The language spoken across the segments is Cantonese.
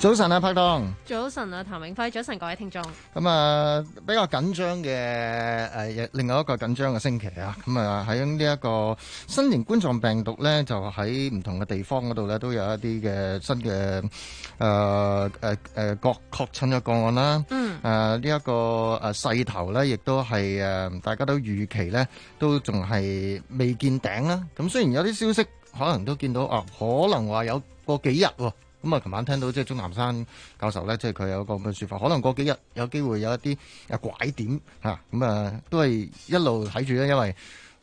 早晨啊，拍檔！早晨啊，譚永輝！早晨各位聽眾。咁啊，比較緊張嘅誒，另外一個緊張嘅星期啊，咁啊喺呢一個新型冠狀病毒咧，就喺唔同嘅地方嗰度咧，都有一啲嘅新嘅誒誒誒，確確診嘅個案啦。嗯。誒，呢一個誒勢頭咧，亦都係誒，大家都預期咧，都仲係未見頂啦。咁雖然有啲消息可能都見到哦，可能話有過幾日喎。咁啊，琴、嗯、晚聽到即係鍾南山教授咧，即係佢有一個咁嘅説法，可能過幾日有機會有一啲啊拐點嚇，咁啊、嗯、都係一路睇住咧，因為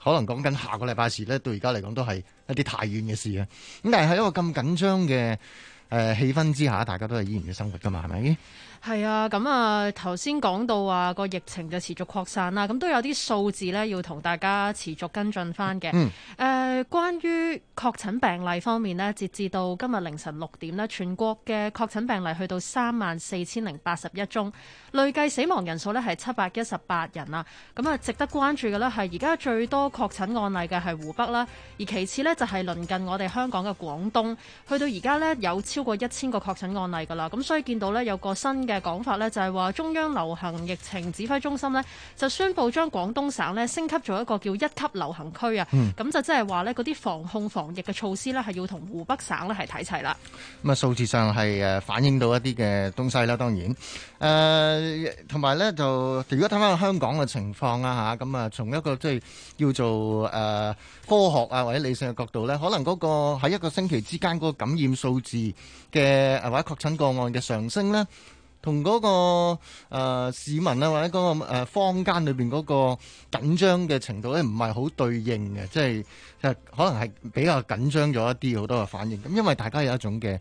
可能講緊下個禮拜時咧，到而家嚟講都係一啲太遠嘅事啊。咁但係喺一個咁緊張嘅。誒、呃、氣氛之下，大家都係依然嘅生活㗎嘛，係咪？係啊，咁啊頭先講到啊個疫情就持續擴散啦，咁都有啲數字呢要同大家持續跟進翻嘅。嗯。誒、呃，關於確診病例方面呢，截至到今日凌晨六點呢，全國嘅確診病例去到三萬四千零八十一宗，累計死亡人數呢係七百一十八人啊。咁啊，值得關注嘅呢係而家最多確診案例嘅係湖北啦，而其次呢，就係鄰近我哋香港嘅廣東，去到而家呢有。超過一千個確診案例噶啦，咁所以見到咧有個新嘅講法咧，就係話中央流行疫情指揮中心咧就宣布將廣東省咧升級做一個叫一級流行區啊，咁、嗯、就即係話咧嗰啲防控防疫嘅措施咧係要同湖北省咧係睇齊啦。咁啊數字上係誒反映到一啲嘅東西啦，當然誒同埋咧就如果睇翻香港嘅情況啊吓，咁啊從一個即係叫做誒、呃、科學啊或者理性嘅角度咧，可能嗰、嗰個喺一個星期之間嗰個感染數字。嘅，或者確診個案嘅上升咧，同嗰個誒市民咧，或者嗰個誒坊間裏邊嗰個緊張嘅程度咧，唔係好對應嘅，即係就可能係比較緊張咗一啲，好多嘅反應。咁因為大家有一種嘅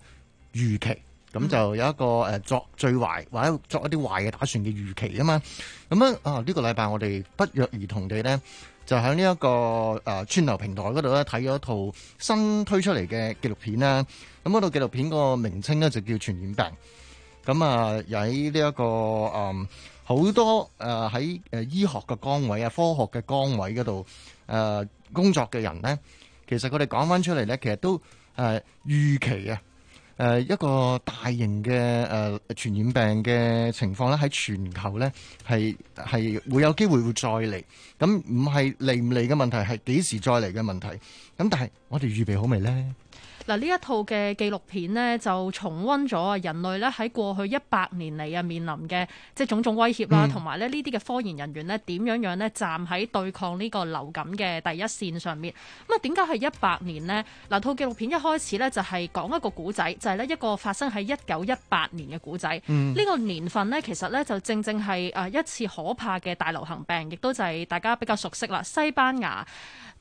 預期，咁就有一個誒作最壞或者作一啲壞嘅打算嘅預期啊嘛。咁樣啊，呢個禮拜我哋不約而同地咧。就喺呢一個誒、呃、串流平台嗰度咧，睇咗一套新推出嚟嘅紀錄片啦。咁嗰套紀錄片個名稱咧就叫《傳染病》。咁啊，喺呢一個誒好、呃、多誒喺誒醫學嘅崗位啊、科學嘅崗位嗰度誒工作嘅人咧，其實佢哋講翻出嚟咧，其實都誒、呃、預期啊。誒、呃、一個大型嘅誒、呃、傳染病嘅情況咧，喺全球咧係係會有機會會再嚟，咁唔係嚟唔嚟嘅問題，係幾時再嚟嘅問題。咁但係我哋預備好未咧？嗱，呢一套嘅紀錄片呢，就重溫咗啊人類咧喺過去一百年嚟啊面臨嘅即係種種威脅啦，同埋咧呢啲嘅科研人員呢，點樣樣咧站喺對抗呢個流感嘅第一線上面。咁啊，點解係一百年呢？嗱，套紀錄片一開始呢，就係講一個古仔，就係、是、咧一個發生喺一九一八年嘅古仔。呢、嗯、個年份呢，其實呢，就正正係啊一次可怕嘅大流行病，亦都就係大家比較熟悉啦，西班牙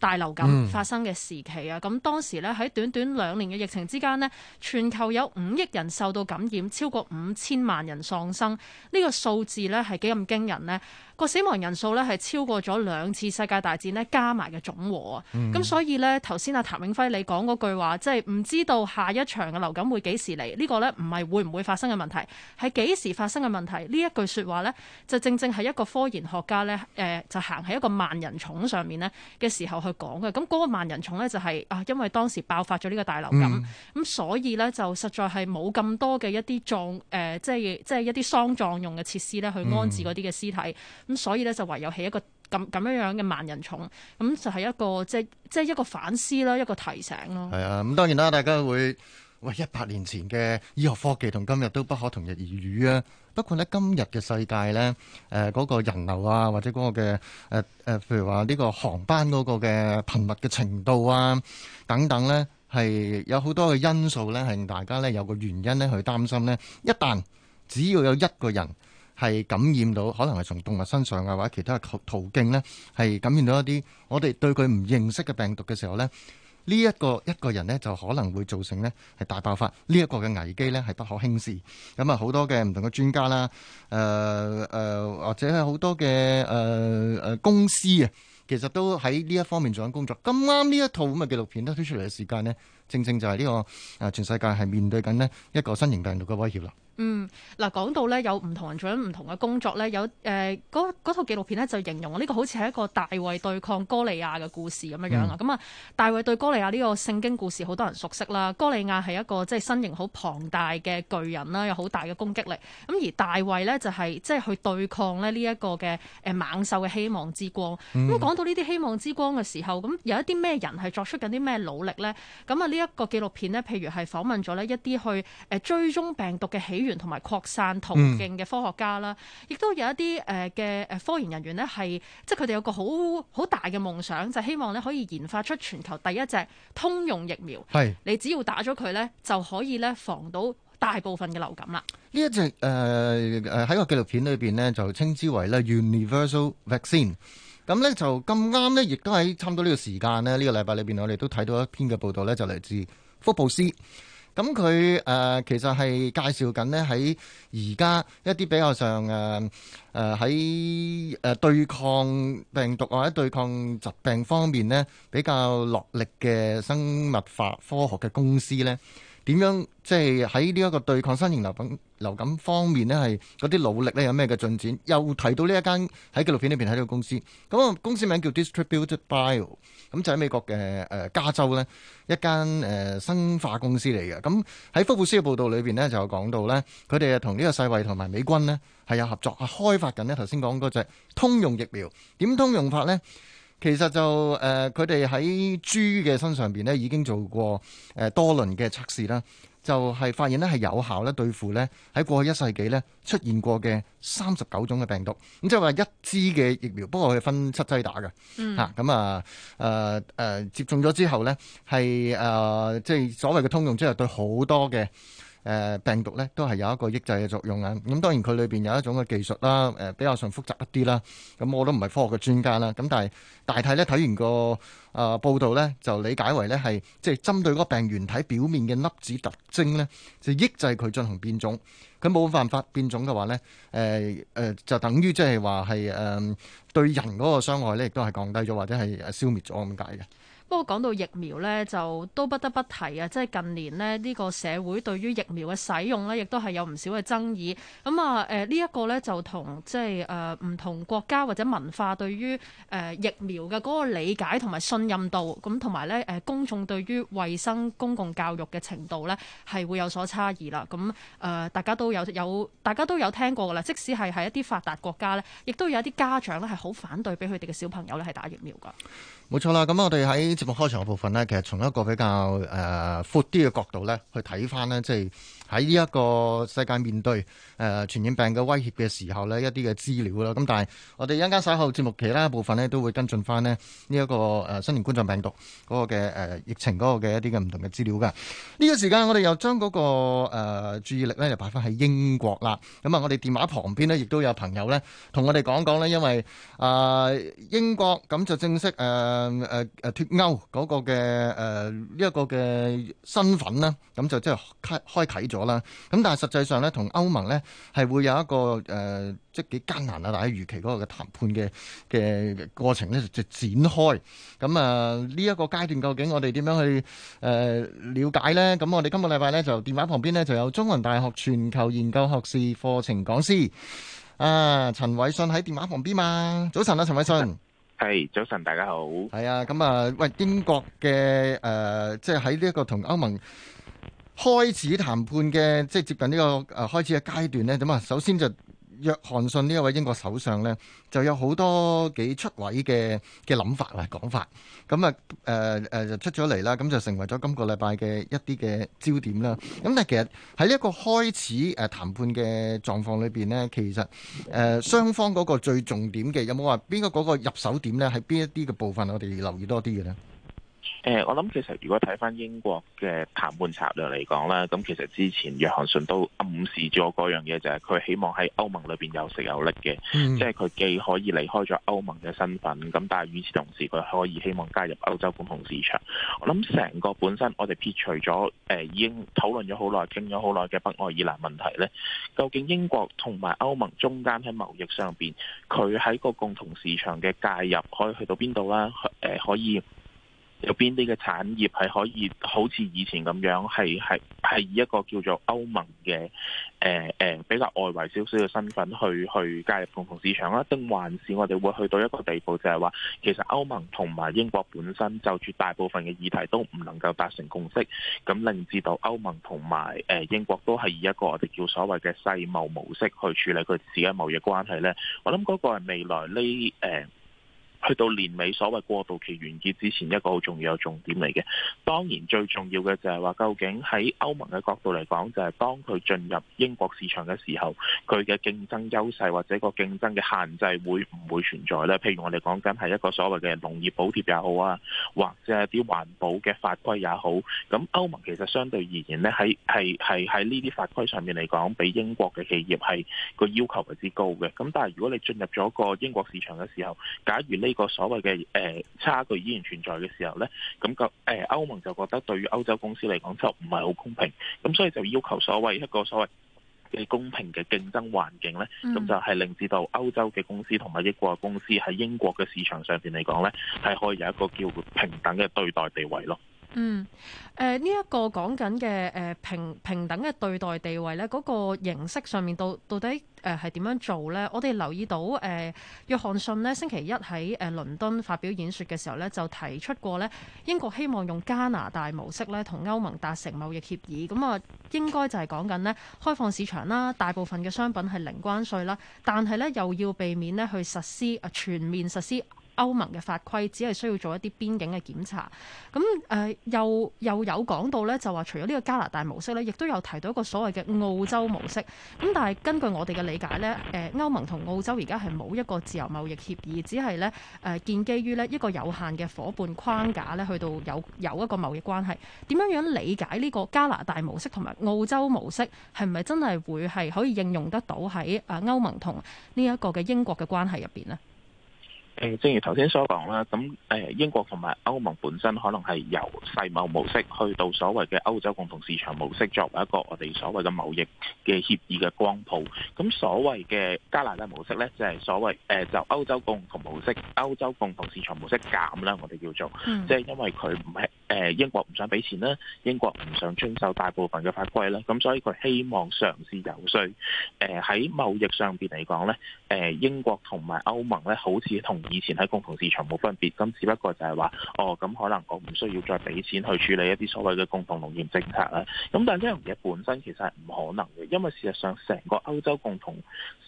大流感發生嘅時期啊，咁、嗯、當時咧喺短短兩年嘅疫情之間呢，全球有五億人受到感染，超過五千萬人喪生，呢、呢個數字咧係幾咁驚人呢？個死亡人數咧係超過咗兩次世界大戰咧加埋嘅總和、嗯、啊！咁所以咧，頭先阿譚永輝你講嗰句話，即係唔知道下一場嘅流感會幾時嚟？呢、這個咧唔係會唔會發生嘅問題，係幾時發生嘅問題？呢一句説話咧，就正正係一個科研學家咧，誒、呃，就行喺一個萬人塚上面咧嘅時候去講嘅。咁、那、嗰個萬人塚咧就係、是、啊，因為當時爆發咗呢個大流感，咁、嗯、所以咧就實在係冇咁多嘅一啲葬誒，即係即係一啲喪葬用嘅設施咧去安置嗰啲嘅屍體。嗯咁、嗯、所以咧就唯有起一個咁咁樣樣嘅萬人塚，咁、嗯、就係、是、一個即即一個反思啦，一個提醒咯。係啊，咁當然啦、啊，大家會喂一百年前嘅醫學科技同今日都不可同日而語啊。不過呢，今日嘅世界呢，誒、呃、嗰、那個人流啊，或者嗰個嘅誒誒，譬如話呢個航班嗰個嘅頻密嘅程度啊，等等呢，係有好多嘅因素呢，係令大家呢有個原因呢去擔心呢。一旦只要有一個人，係感染到，可能係從動物身上啊，或者其他途途徑呢，係感染到一啲我哋對佢唔認識嘅病毒嘅時候呢。呢、這、一個一個人呢，就可能會造成呢係大爆發，呢、這、一個嘅危機呢，係不可輕視。咁啊，好多嘅唔同嘅專家啦，誒、呃、誒、呃，或者係好多嘅誒誒公司啊，其實都喺呢一方面做緊工作。咁啱呢一套咁嘅紀錄片都推出嚟嘅時間呢，正正就係呢、這個誒，全世界係面對緊呢一個新型病毒嘅威脅啦。嗯，嗱，講到咧有唔同人做緊唔同嘅工作咧，有誒嗰套紀錄片咧就形容呢、呢個好似係一個大衛對抗哥利亞嘅故事咁、嗯、樣樣啊。咁啊，大衛對哥利亞呢個聖經故事好多人熟悉啦。哥利亞係一個即係身形好龐大嘅巨人啦，有好大嘅攻擊力。咁而大衛咧就係即係去對抗咧呢一個嘅誒猛獸嘅希望之光。咁講、嗯、到呢啲希望之光嘅時候，咁有一啲咩人係作出緊啲咩努力咧？咁啊呢一個紀錄片咧，譬如係訪問咗咧一啲去誒追蹤病毒嘅起員同埋擴散途徑嘅科學家啦，亦、嗯、都有一啲誒嘅誒科研人員呢，係即係佢哋有個好好大嘅夢想，就係、希望咧可以研發出全球第一隻通用疫苗。係是你只要打咗佢呢，就可以呢防到大部分嘅流感啦。呢一隻誒誒喺個紀錄片裏邊呢，就稱之為咧 universal vaccine。咁呢就咁啱呢，亦都喺差唔多呢個時間呢，呢、這個禮拜裏邊我哋都睇到一篇嘅報道呢，就嚟自福布斯。咁佢誒其實係介紹緊呢，喺而家一啲比較上誒誒喺誒對抗病毒或者對抗疾病方面呢，比較落力嘅生物化科學嘅公司咧。點樣即係喺呢一個對抗新型流感流感方面呢，係嗰啲努力呢有咩嘅進展？又提到呢一間喺紀錄片裏邊喺呢個公司，咁個公司名叫 Distributed Bio，咁就喺美國嘅誒、呃、加州呢一間誒、呃、生化公司嚟嘅。咁喺福布斯嘅報導裏邊呢就有講到呢佢哋啊同呢個世衛同埋美軍呢係有合作，啊、開發緊呢頭先講嗰隻通用疫苗點通用法呢？其實就誒，佢哋喺豬嘅身上邊咧，已經做過誒、呃、多輪嘅測試啦，就係、是、發現咧係有效咧對付呢喺過去一世紀呢出現過嘅三十九種嘅病毒。咁即係話一支嘅疫苗，不過佢分七劑打嘅嚇。咁、嗯、啊誒誒、呃呃，接種咗之後呢係誒、呃，即係所謂嘅通用，即係對好多嘅。誒病毒咧都係有一個抑制嘅作用啊！咁、嗯、當然佢裏邊有一種嘅技術啦，誒、呃、比較上複雜一啲啦。咁、嗯、我都唔係科學嘅專家啦。咁但係大體咧睇完個誒、呃、報道咧，就理解為咧係即係針對嗰個病原體表面嘅粒子特徵咧，就抑制佢進行變種。咁冇辦法變種嘅話咧，誒、呃、誒、呃、就等於即係話係誒對人嗰個傷害咧，亦都係降低咗或者係消滅咗咁解嘅。不過講到疫苗呢，就都不得不提啊！即係近年呢，呢個社會對於疫苗嘅使用呢，亦都係有唔少嘅爭議。咁、嗯、啊，誒呢一個呢，就同即係誒唔同國家或者文化對於誒、呃、疫苗嘅嗰個理解同埋信任度，咁同埋呢，誒、呃、公眾對於衞生公共教育嘅程度呢，係會有所差異啦。咁、嗯、誒、呃，大家都有有，大家都有聽過㗎啦。即使係喺一啲發達國家呢，亦都有一啲家長呢，係好反對俾佢哋嘅小朋友呢，係打疫苗㗎。冇錯啦，咁我哋喺節目開場嘅部分咧，其實從一個比較誒闊啲嘅角度咧，去睇返咧，即係，喺呢一個世界面對誒傳染病嘅威脅嘅時候咧，一啲嘅資料啦。咁但係我哋一陣間稍後節目其他部分咧，都會跟進翻咧呢一個誒新型冠狀病毒個嘅誒疫情個嘅一啲嘅唔同嘅資料噶。呢個時間我哋又將個誒注意力咧就擺翻喺英國啦。咁啊，我哋電話旁邊咧亦都有朋友咧同我哋講講咧，因為誒英國咁就正式誒誒誒脫歐個嘅誒呢一個嘅身份啦，咁就即係開開啓咗。啦，咁但係實際上咧，同歐盟咧係會有一個誒，即係幾艱難啊！大家預期嗰個嘅談判嘅嘅過程咧，就即係展開。咁啊，呢一個階段究竟我哋點樣去誒了解咧？咁我哋今個禮拜咧就電話旁邊咧就有中文大學全球研究學士課程講師啊，陳偉信喺電話旁邊嘛。早晨啊，陳偉信，係早晨，大家好。係啊，咁啊，喂，英國嘅誒，即係喺呢一個同歐盟。開始談判嘅即係接近呢、這個啊、呃、開始嘅階段呢。咁啊首先就約翰遜呢一位英國首相呢，就有好多幾出位嘅嘅諗法啊講法，咁啊誒誒就出咗嚟啦，咁、嗯、就成為咗今個禮拜嘅一啲嘅焦點啦。咁、嗯、但係其實喺呢一個開始誒、呃、談判嘅狀況裏邊呢，其實誒、呃、雙方嗰個最重點嘅有冇話邊個嗰個入手點呢？喺邊一啲嘅部分我哋留意多啲嘅呢？誒、呃，我諗其實如果睇翻英國嘅談判策略嚟講啦，咁其實之前約翰遜都暗示咗嗰樣嘢，就係、是、佢希望喺歐盟裏邊有食有力嘅，嗯、即係佢既可以離開咗歐盟嘅身份，咁但係與此同時，佢可以希望加入歐洲共同市場。我諗成個本身我哋撇除咗誒、呃、已經討論咗好耐、傾咗好耐嘅北愛爾蘭問題呢，究竟英國同埋歐盟中間喺貿易上邊，佢喺個共同市場嘅介入可以去到邊度咧？誒、呃，可以。有邊啲嘅產業係可以好似以前咁樣，係係係以一個叫做歐盟嘅誒誒比較外圍少少嘅身份去去加入共同市場啦？定還是我哋會去到一個地步就，就係話其實歐盟同埋英國本身就絕大部分嘅議題都唔能夠達成共識，咁令至到歐盟同埋誒英國都係以一個我哋叫所謂嘅世貿模式去處理佢自己貿易關係呢？我諗嗰個係未來呢誒、呃去到年尾，所謂過渡期完結之前，一個好重要嘅重點嚟嘅。當然最重要嘅就係話究竟喺歐盟嘅角度嚟講，就係、是、當佢進入英國市場嘅時候，佢嘅競爭優勢或者個競爭嘅限制會唔會存在咧？譬如我哋講緊係一個所謂嘅農業補貼也好啊，或者係啲環保嘅法規也好。咁歐盟其實相對而言咧，喺係係喺呢啲法規上面嚟講比英國嘅企業係個要求為之高嘅。咁但係如果你進入咗個英國市場嘅時候，假如呢？個所謂嘅誒差距依然存在嘅時候呢，咁個誒歐盟就覺得對於歐洲公司嚟講就唔係好公平，咁所以就要求所謂一個所謂嘅公平嘅競爭環境呢，咁、嗯、就係令至到歐洲嘅公司同埋英國嘅公司喺英國嘅市場上面嚟講呢，係可以有一個叫平等嘅對待地位咯。嗯，誒呢一個講緊嘅誒平平等嘅對待地位呢，嗰、這個形式上面到到底誒係點樣做呢？我哋留意到誒、呃、約翰遜咧，星期一喺誒倫敦發表演說嘅時候呢，就提出過呢：英國希望用加拿大模式咧，同歐盟達成貿易協議。咁、嗯、啊，應該就係講緊呢，開放市場啦，大部分嘅商品係零關稅啦，但係呢又要避免呢去實施啊全面實施。歐盟嘅法規只係需要做一啲邊境嘅檢查，咁、嗯、誒、呃、又又有講到咧，就話除咗呢個加拿大模式咧，亦都有提到一個所謂嘅澳洲模式。咁、嗯、但係根據我哋嘅理解咧，誒、呃、歐盟同澳洲而家係冇一個自由貿易協議，只係咧誒建基於咧一個有限嘅夥伴框架咧，去到有有一個貿易關係。點樣樣理解呢個加拿大模式同埋澳洲模式係咪真係會係可以應用得到喺誒歐盟同呢一個嘅英國嘅關係入邊呢？誒，正如頭先所講啦，咁誒英國同埋歐盟本身可能係由世貿模式去到所謂嘅歐洲共同市場模式作為一個我哋所謂嘅貿易嘅協議嘅光譜。咁所謂嘅加拿大模式咧，就係所謂誒就歐洲共同模式、歐洲共同市場模式減啦，我哋叫做，即係、嗯、因為佢唔係。誒英國唔想俾錢啦，英國唔想遵守大部分嘅法規啦，咁所以佢希望嘗試遊說。誒、呃、喺貿易上邊嚟講咧，誒、呃、英國同埋歐盟咧，好似同以前喺共同市場冇分別，咁只不過就係話，哦咁可能我唔需要再俾錢去處理一啲所謂嘅共同農業政策啦。咁但係呢樣嘢本身其實係唔可能嘅，因為事實上成個歐洲共同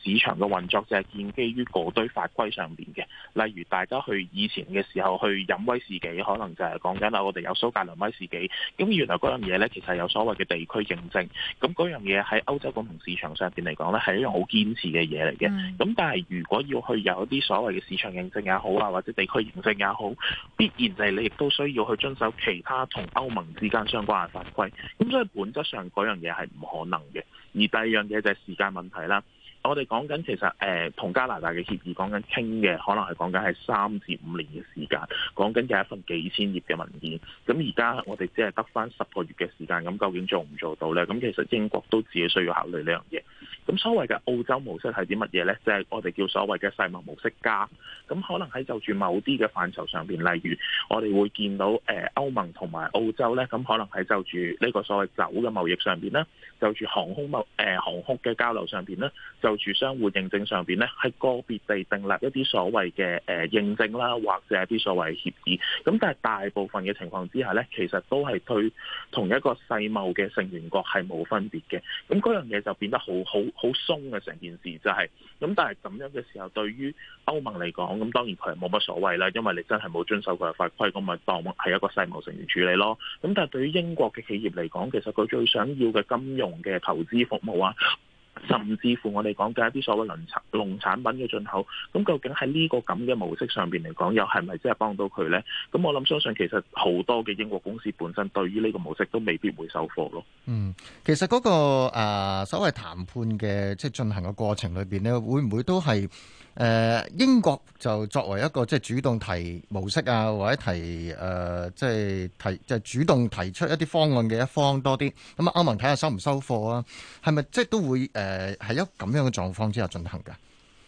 市場嘅運作就係建基於嗰堆法規上邊嘅，例如大家去以前嘅時候去飲威士忌，可能就係講緊啦，我哋有。蘇格蘭威士忌，咁、嗯、原來嗰樣嘢呢，其實有所謂嘅地區認證，咁嗰樣嘢喺歐洲共同市場上邊嚟講呢，係一樣好堅持嘅嘢嚟嘅。咁但係如果要去有一啲所謂嘅市場認證也好啊，或者地區認證也好，必然就係你亦都需要去遵守其他同歐盟之間相關嘅法規。咁所以本質上嗰樣嘢係唔可能嘅。而第二樣嘢就係時間問題啦。我哋講緊其實誒同、呃、加拿大嘅協議講緊傾嘅，可能係講緊係三至五年嘅時間，講緊嘅一份幾千頁嘅文件。咁而家我哋只係得翻十個月嘅時間，咁究竟做唔做到呢？咁其實英國都自己需要考慮呢樣嘢。咁所謂嘅澳洲模式係啲乜嘢呢？即、就、係、是、我哋叫所謂嘅世貿模式加。咁可能喺就住某啲嘅範疇上邊，例如我哋會見到誒歐、呃、盟同埋澳洲呢，咁可能喺就住呢個所謂走嘅貿易上邊呢，就住航空貿誒、呃、航空嘅交流上邊呢，就住相互認證上邊咧，係個別地訂立一啲所謂嘅誒認證啦，或者係啲所謂協議。咁但係大部分嘅情況之下咧，其實都係對同一個世貿嘅成員國係冇分別嘅。咁嗰樣嘢就變得好好好鬆嘅成件事就係、咁。咁但係咁樣嘅時候，對於歐盟嚟講，咁當然佢係冇乜所謂啦，因為你真係冇遵守佢嘅法規，咁咪當係一個世貿成員處理咯。咁但係對於英國嘅企業嚟講，其實佢最想要嘅金融嘅投資服務啊。甚至乎我哋講嘅一啲所謂農產農產品嘅進口，咁究竟喺呢個咁嘅模式上邊嚟講，又係咪真係幫到佢咧？咁我諗相信其實好多嘅英國公司本身對於呢個模式都未必會收貨咯。嗯，其實嗰個、那個誒、呃、所謂談判嘅即係進行嘅過程裏邊咧，會唔會都係。誒英國就作為一個即係主動提模式啊，或者提誒、呃、即係提即係主動提出一啲方案嘅一方多啲。咁啊，歐盟睇下收唔收貨啊，係咪即係都會誒喺一咁樣嘅狀況之下進行㗎？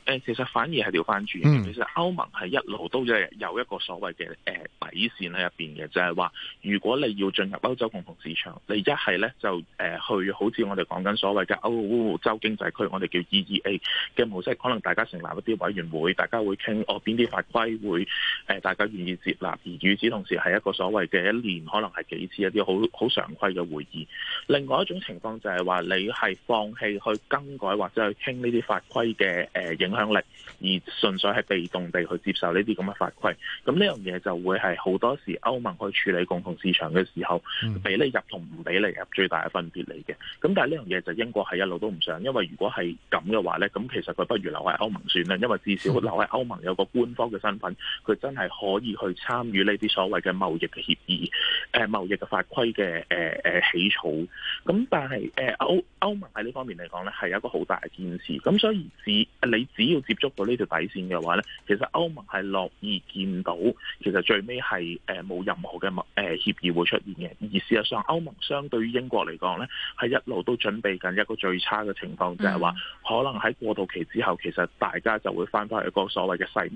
誒，其實反而係調翻轉。其實歐盟係一路都有一個所謂嘅誒底線喺入邊嘅，就係話如果你要進入歐洲共同市場，你一係咧就誒去，好似我哋講緊所謂嘅歐，歐洲經濟區，我哋叫 EEA 嘅模式，可能大家成立一啲委員會，大家會傾哦邊啲法規會誒大家願意接納，而與此同時係一個所謂嘅一年可能係幾次一啲好好常規嘅會議。另外一種情況就係話你係放棄去更改或者去傾呢啲法規嘅誒影呃向力而純粹係被動地去接受呢啲咁嘅法規，咁呢樣嘢就會係好多時歐盟去處理共同市場嘅時候，俾、嗯、你入同唔俾你入最大嘅分別嚟嘅。咁但係呢樣嘢就英國係一路都唔想，因為如果係咁嘅話呢，咁其實佢不如留喺歐盟算啦，因為至少留喺歐盟有個官方嘅身份，佢真係可以去參與呢啲所謂嘅貿易嘅協議、誒貿易嘅法規嘅誒誒起草。咁但係誒歐歐盟喺呢方面嚟講咧，係一個好大嘅堅持。咁所以只你只只要接觸到呢條底線嘅話呢，其實歐盟係樂意見到，其實最尾係誒冇任何嘅默誒協議會出現嘅。而事實上，歐盟相對於英國嚟講呢，係一路都準備緊一個最差嘅情況，就係、是、話可能喺過渡期之後，其實大家就會翻返去個所謂嘅世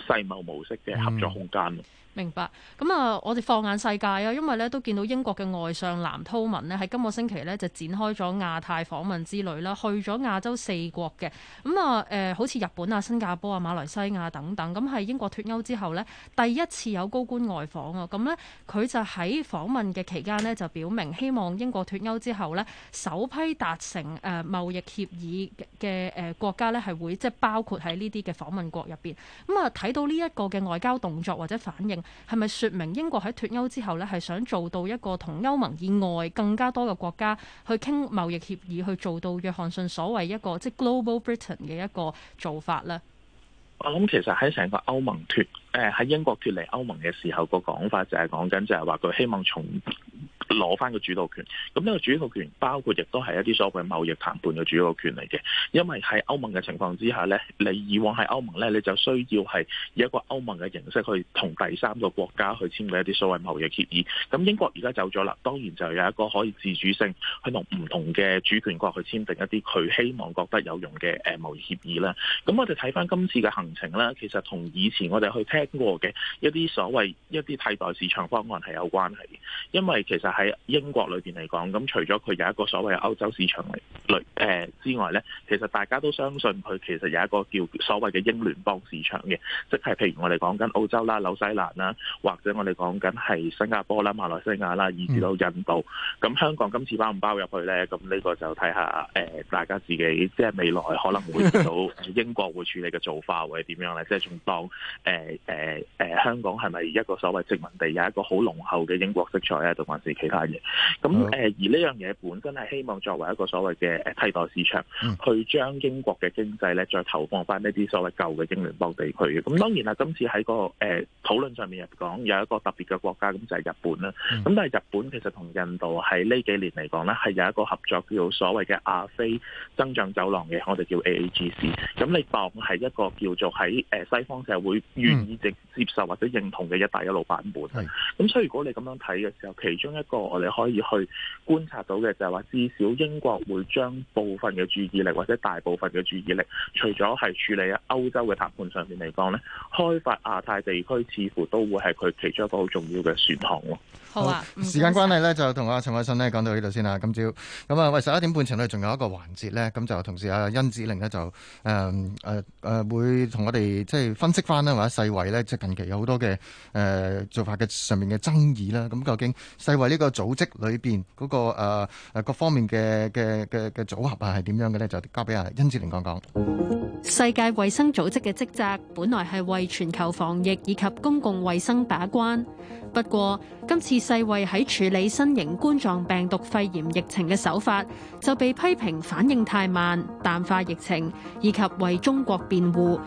世貿模式嘅合作空間。明白，咁啊，我哋放眼世界啊，因為咧都見到英國嘅外相藍韜文咧喺今個星期咧就展開咗亞太訪問之旅啦，去咗亞洲四國嘅，咁啊，誒，好似日本啊、新加坡啊、馬來西亞等等，咁係英國脫歐之後咧第一次有高官外訪啊，咁咧佢就喺訪問嘅期間咧就表明希望英國脫歐之後咧首批達成誒貿易協議嘅誒國家咧係會即係包括喺呢啲嘅訪問國入邊，咁啊睇到呢一個嘅外交動作或者反應。係咪說明英國喺脫歐之後呢，係想做到一個同歐盟以外更加多嘅國家去傾貿易協議，去做到約翰遜所謂一個即係 Global Britain 嘅一個做法呢？我諗其實喺成個歐盟脫，誒喺英國脫離歐盟嘅時候，個講法就係講緊就係話佢希望從攞翻個主導權。咁呢個主導權包括亦都係一啲所謂貿易談判嘅主導權嚟嘅。因為喺歐盟嘅情況之下咧，你以往喺歐盟咧，你就需要係以一個歐盟嘅形式去同第三個國家去簽嘅一啲所謂貿易協議。咁英國而家走咗啦，當然就有一個可以自主性去同唔同嘅主權國去簽訂一啲佢希望覺得有用嘅誒貿易協議啦。咁我哋睇翻今次嘅行情啦， 其實同以前我哋去聽過嘅一啲所謂一啲替代市場方案係有關係嘅，因為其實喺英國裏邊嚟講，咁除咗佢有一個所謂歐洲市場類誒之外呢，其實大家都相信佢其實有一個叫所謂嘅英聯邦市場嘅，即係譬如我哋講緊澳洲啦、紐西蘭啦，或者我哋講緊係新加坡啦、馬來西亞啦，以至到印度，咁香港今次包唔包入去呢？咁呢個就睇下誒，大家自己即係未來可能會見到英國會處理嘅做法係點樣咧？即係仲當誒誒誒香港係咪一個所謂殖民地，有一個好濃厚嘅英國色彩咧？同埋是其他嘢咁誒？而呢樣嘢本身係希望作為一個所謂嘅替代市場，嗯、去將英國嘅經濟咧再投放翻呢啲所謂舊嘅英聯邦地區嘅。咁當然啦，今次喺個誒、呃、討論上面入邊講有一個特別嘅國家，咁就係、是、日本啦。咁、嗯、但係日本其實同印度喺呢幾年嚟講咧，係有一個合作叫做所謂嘅亞非增長走廊嘅，我哋叫 AAGC。咁你當係一個叫做喺誒西方社會願意接接受或者認同嘅一帶一路版本，咁是所以如果你咁樣睇嘅時候，其中一個我哋可以去觀察到嘅就係話，至少英國會將部分嘅注意力或者大部分嘅注意力，除咗係處理喺歐洲嘅談判上面嚟講呢，開發亞太地區似乎都會係佢其中一個好重要嘅選項。好啊！時間關係咧，就同阿陳偉信咧講到呢度先啦。今朝咁啊，喂，十一點半前咧，仲有一個環節咧，咁就同時阿甄梓鈴呢，就誒誒誒，會同我哋即係分析翻啦。或者世衛咧，即係近期有好多嘅誒、呃、做法嘅上面嘅爭議啦。咁究竟世衛呢個組織裏邊嗰、那個誒誒、呃、各方面嘅嘅嘅嘅組合啊，係點樣嘅咧？就交俾阿甄梓鈴講講。世界衛生組織嘅職責本來係為全球防疫以及公共衛生把關，不過今次。世衛喺處理新型冠狀病毒肺炎疫情嘅手法，就被批評反應太慢、淡化疫情以及為中國辯護。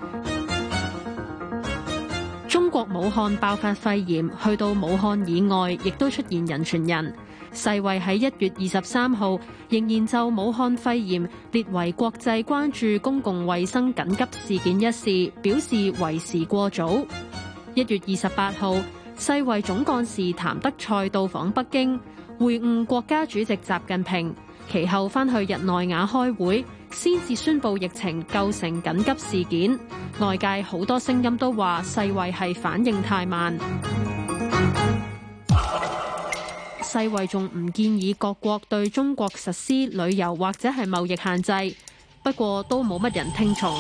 中國武漢爆發肺炎，去到武漢以外，亦都出現人傳人。世衛喺一月二十三號仍然就武漢肺炎列為國際關注公共衛生緊急事件一事，表示為時過早。一月二十八號。世衛總幹事譚德賽到訪北京，會晤國家主席習近平，其後返去日內瓦開會，先至宣布疫情構成緊急事件。外界好多聲音都話世衛係反應太慢。世衛仲唔建議各國對中國實施旅遊或者係貿易限制，不過都冇乜人聽從。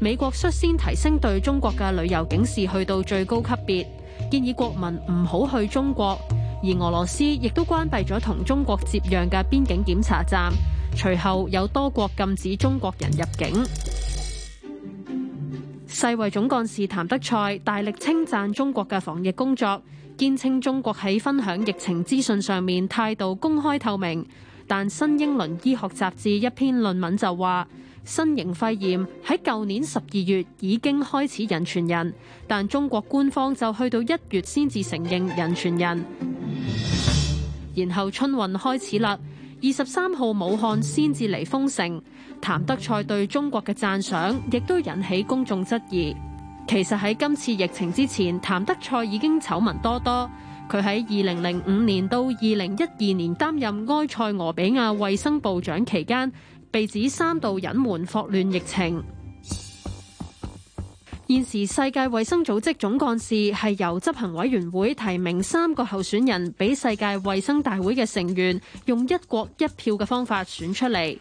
美國率先提升對中國嘅旅遊警示去到最高級別。建議國民唔好去中國，而俄羅斯亦都關閉咗同中國接壤嘅邊境檢查站。隨後有多國禁止中國人入境。世衛總幹事譚德賽大力稱讚中國嘅防疫工作，堅稱中國喺分享疫情資訊上面態度公開透明。但新英倫醫學雜誌一篇論文就話：新型肺炎喺舊年十二月已經開始人傳人，但中國官方就去到一月先至承認人傳人。然後春運開始啦，二十三號武漢先至嚟封城。譚德塞對中國嘅讚賞，亦都引起公眾質疑。其實喺今次疫情之前，譚德塞已經醜聞多多。佢喺二零零五年到二零一二年擔任埃塞俄比亞衛生部長期間。被指三度隱瞞霍亂疫情。現時世界衛生組織總幹事係由執行委員會提名三個候選人，俾世界衛生大會嘅成員用一國一票嘅方法選出嚟。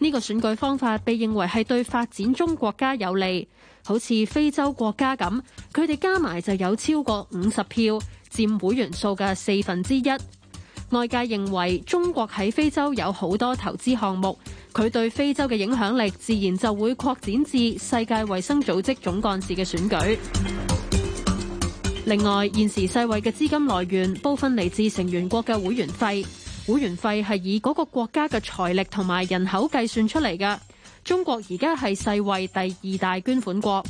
呢個選舉方法被認為係對發展中國家有利，好似非洲國家咁，佢哋加埋就有超過五十票，佔會員數嘅四分之一。外界認為中國喺非洲有好多投資項目，佢對非洲嘅影響力自然就會擴展至世界衛生組織總幹事嘅選舉。另外，現時世衛嘅資金來源部分嚟自成員國嘅會員費，會員費係以嗰個國家嘅財力同埋人口計算出嚟㗎。中國而家係世衛第二大捐款國，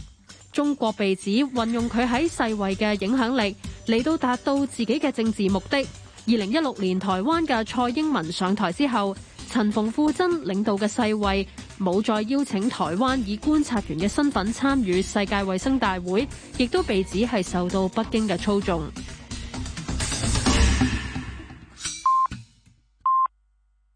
中國被指運用佢喺世衛嘅影響力嚟到達到自己嘅政治目的。二零一六年台灣嘅蔡英文上台之後，陳馮富珍領導嘅世衛冇再邀請台灣以觀察員嘅身份參與世界衛生大會，亦都被指係受到北京嘅操縱。